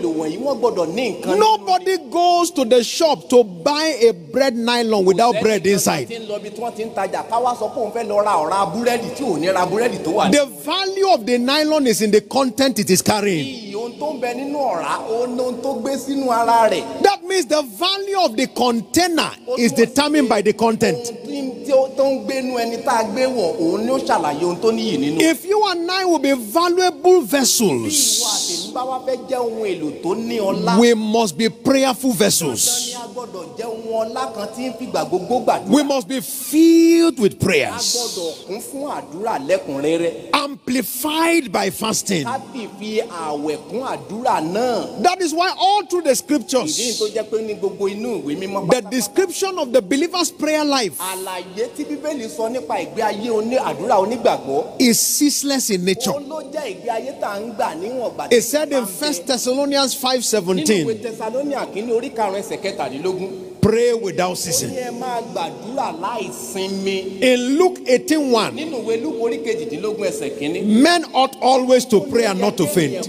Nobody goes to the shop to buy a bread nylon without bread inside. The value of the nylon is in the content it is carrying. That means the value of the container is determined by the content. If you and I will be valuable vessels, We must be prayerful vessels. We must be filled with prayers. Amplified by fasting. That is why all through the scriptures, the description of the believer's prayer life is ceaseless in nature. said in First Thessalonians 5:17. Pray without ceasing. In Luke 18:1, men ought always to pray and not to faint.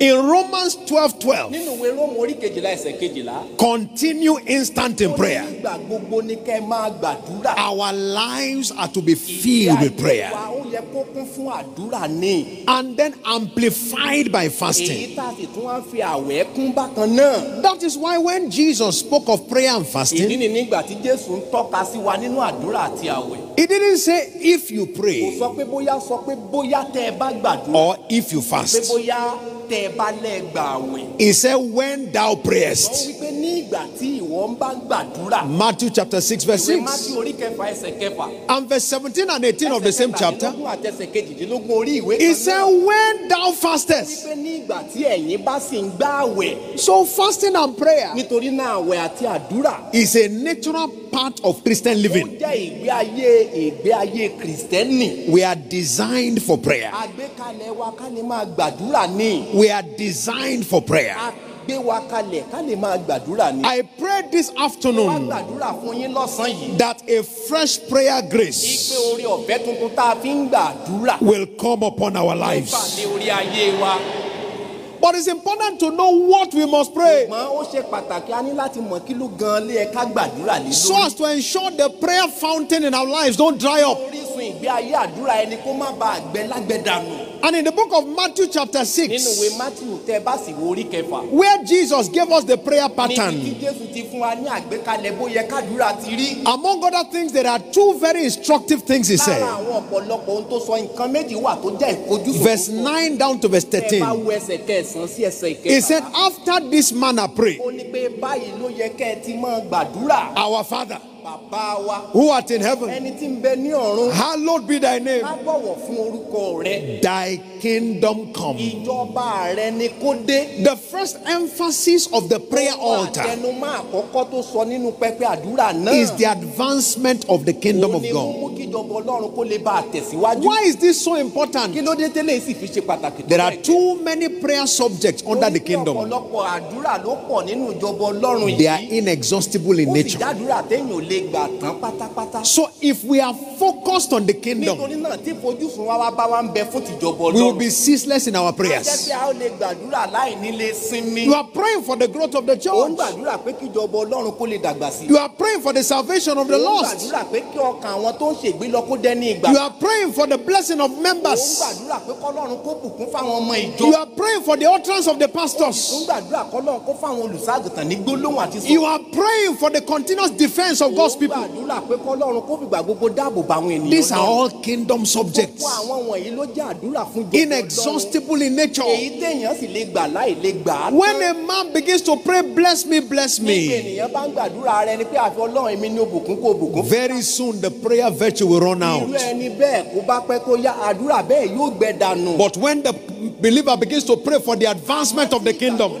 In Romans 12 12, continue instant in prayer. Our lives are to be filled with prayer. And then amplified by fasting. That is why when Jesus spoke of prayer and fasting. He didn't say if you pray. Or if you fast. He said, when thou prayest. ìgbà tí ìwọ ń bá gbàdúrà. Matthew chapter six verse six. ìwé Matthew orí kẹfà ẹsẹ̀ kẹfà. and verse seventeen and eighteen of the same chapter. ẹsẹ̀ kẹfà ẹsẹ̀ kejìdínlógún orí ìwé he said when thou fastest. wípé ní ìgbà tí ẹ̀yin bá sì ń gbà àwẹ̀. so fasting and prayer. nítorí náà àwẹ̀ àti àdúrà. is a natural part of Christian living. ó jẹ́ ìgbé ayé ìgbé ayé kìrìsìtẹ́nì. we are designed for prayer. àgbékalẹ̀ wa ká gbàdúrà ní. we are designed for prayer gbé wa kalẹ̀ ká lè máa gbàdúrà ni. I pray this afternoon. wá gbàdúrà fún yín lọ́sàn-án yìí. that a fresh prayer grace. ìpè orí ọ̀fẹ́ tuntun tá a fi ń gbàdúrà. will come upon our lives. ó fà orí ayé wa. But it's important to know what we must pray. So as to ensure the prayer fountain in our lives don't dry up. And in the book of Matthew, chapter 6, where Jesus gave us the prayer pattern, among other things, there are two very instructive things he said. Verse 9 down to verse 13. He said, After this manner, pray. Our Father. Who art in heaven. Hallowed be thy name. Thy kingdom come. Ìjọba rẹ ni kó dé. The first emphasis of the prayer altar. Àtẹnumọ́ àkọ́kọ́ tó sọ nínú pẹpẹ àdúrà náà. Is the advancement of the kingdom of God. Òun ni mú kíjọba Ọlọ́run kó lè bá a tẹ̀síwájú. Why is this so important? Kí ló dé tẹ́lẹ̀ sì fi ṣe pàtàkì. There are too many prayer subjects under the kingdom. Ọ̀pọ̀lọpọ̀ àdúrà ló pọ̀ nínú ìjọba Ọlọ́run yìí. They are inexhaustible in nature. Ó sì dádúrà téèyàn lè gbà tán pátápátá. So if we are focused on the kingdom. Nítorí náà tí ìfojúsùn wa wá bá wa ń bẹ fún tìjọba Ọlọ́run to be ceaseless in our prayers. You are praying for the growth of the church. You are praying for the salvation of the lost. You are praying for the blessing of members. You are praying for the utterance of the pastors. You are praying for the continuous defense of God's people. These are all kingdom subjects inexhaustible in nature. When a man begins to pray, bless me, bless me. Very soon the prayer virtue will run out. But when the believer begins to pray for the advancement of the kingdom,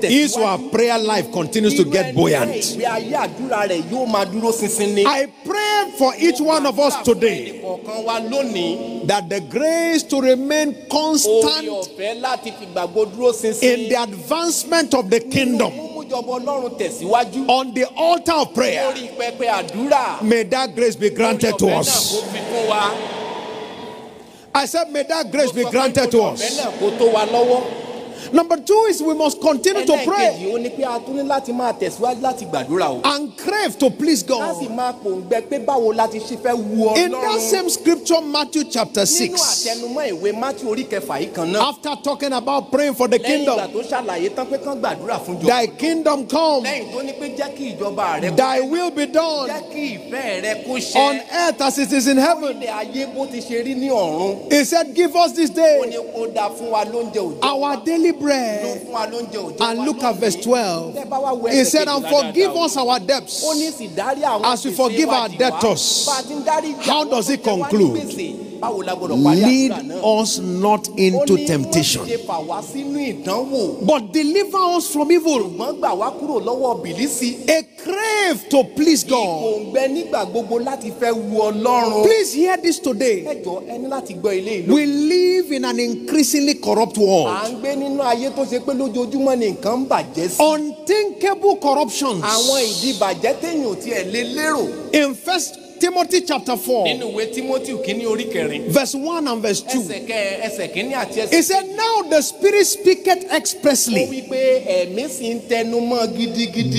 his or her prayer life continues to get buoyant. I pray for each one of us today that the grace to remain constant in the advancement of the kingdom on the altar of prayer. May that grace be granted to us. I said, may that grace be granted to us. Number two is we must continue to pray. And crave to please God. In that same scripture Matthew chapter six. After talking about praying for the kingdom. Thy kingdom come. Thy will be done. On earth as it is in heaven. He said give us this day. Our daily bread. And look at verse 12. He said, And forgive us our debts as we forgive our debtors. How does it conclude? Lead us not into temptation, but deliver us from evil. A crave to please God. Please hear this today. We live in an increasingly corrupt world. Unthinkable corruptions. In first Timothy chapter 4, verse 1 and verse 2, he said, Now the Spirit speaketh expressly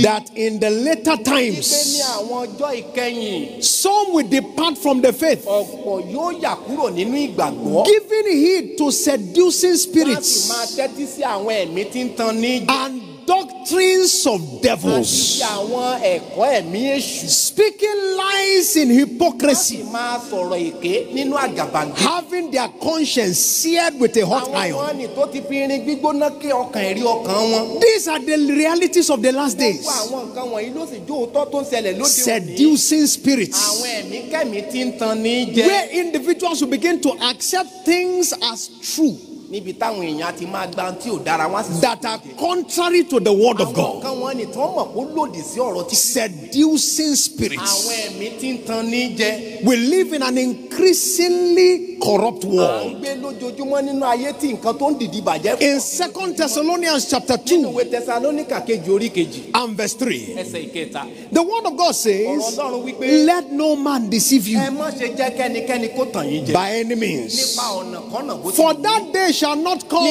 that in the later times some will depart from the faith, giving heed to seducing spirits and doctrines of devils. àwọn ẹ̀kọ́ ẹ̀mí èṣù. speaking lies in hypocrisy. láti máa sọ̀rọ̀ èké nínú àgàbàǹgbé. having their conscience seared with a hot iron. àwọn ọ̀nì tó ti fi irin gbígbóná ké ọkàn ẹ̀rí ọkàn wọn. these are the realities of the last days. gbogbo àwọn nǹkan wọ̀nyí ló sì jó òótọ́ tó ń ṣẹlẹ̀ lóde òní. seducing spirits. àwọn ẹ̀mí kẹ́mi ti ń tan ní jẹ. where individuals will begin to accept things as true níbi táwọn èèyàn ti máa gba tí ò dára wá sí. that are contrary to the word of God. àwọn kan wọn ni tí wọn mọ̀ kó lòdì sí ọ̀rọ̀ tí. seducing spirits. àwọn ẹ̀mí tí ń tan ní jẹ. we live in an increasingly corrupt world. In Second Thessalonians chapter 2 and verse 3, the word of God says, Let no man deceive you by any means. For that day shall not come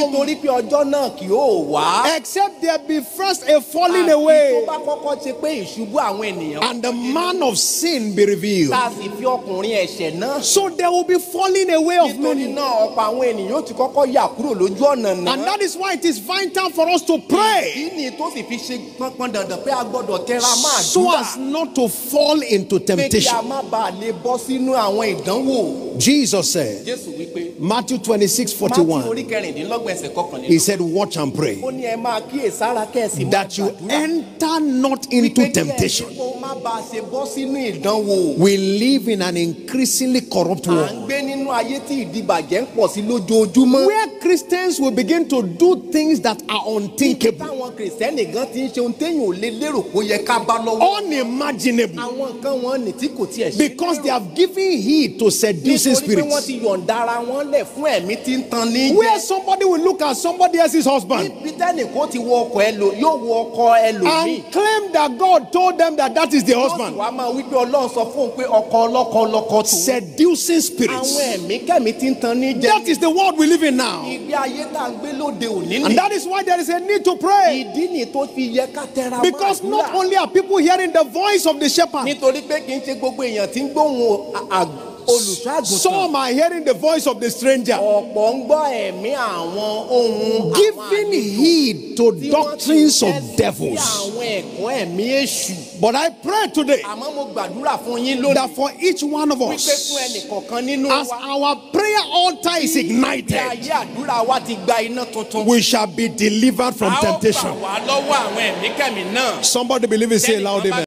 except there be first a falling away and the man of sin be revealed. ọkùnrin ẹ̀ṣẹ̀ náà. so there will be falling away of many. nítorí náà ọ̀pọ̀ àwọn ènìyàn ti kọ́kọ́ yà kúrò lójú ọ̀nà náà. and that is why it is vital for us to pray. kí tó sì fi ṣe pọnpọn dandan pé a gbọ́dọ̀ tẹra máa dúrà. so as not to fall into temptation. pé kí a má bàa lè bọ́ sínú àwọn ìdánwò. Jesus said. Jésù wípé. Matthew 26 41. He said, Watch and pray that you enter not into temptation. We live in an increasingly corrupt world. Where Christians will begin to do things that are unthinkable. Unimaginable. Because they have given heed to seducing spirits. Where somebody will look at somebody else's husband. And claim that God told them that that is the husband. Seducing spirits. That is the world we live in now ìgbé ayé tá à gbé lóde òní ni. and that is why there is a need to pray. ìdí ni tó fi yẹ ká tẹra mọ́ àdúrà. because not only are people hearing the voice of the shepherd. nítorí pé kì í ṣe gbogbo èèyàn tí ń gbóhùn àgbà. olùṣọ́ some are hearing the voice of the stranger. giving heed to doctrines of devils. but I pray today. that for each one of us. as our prayer altar is ignited. we shall be delivered from temptation. somebody believe it say loud amen.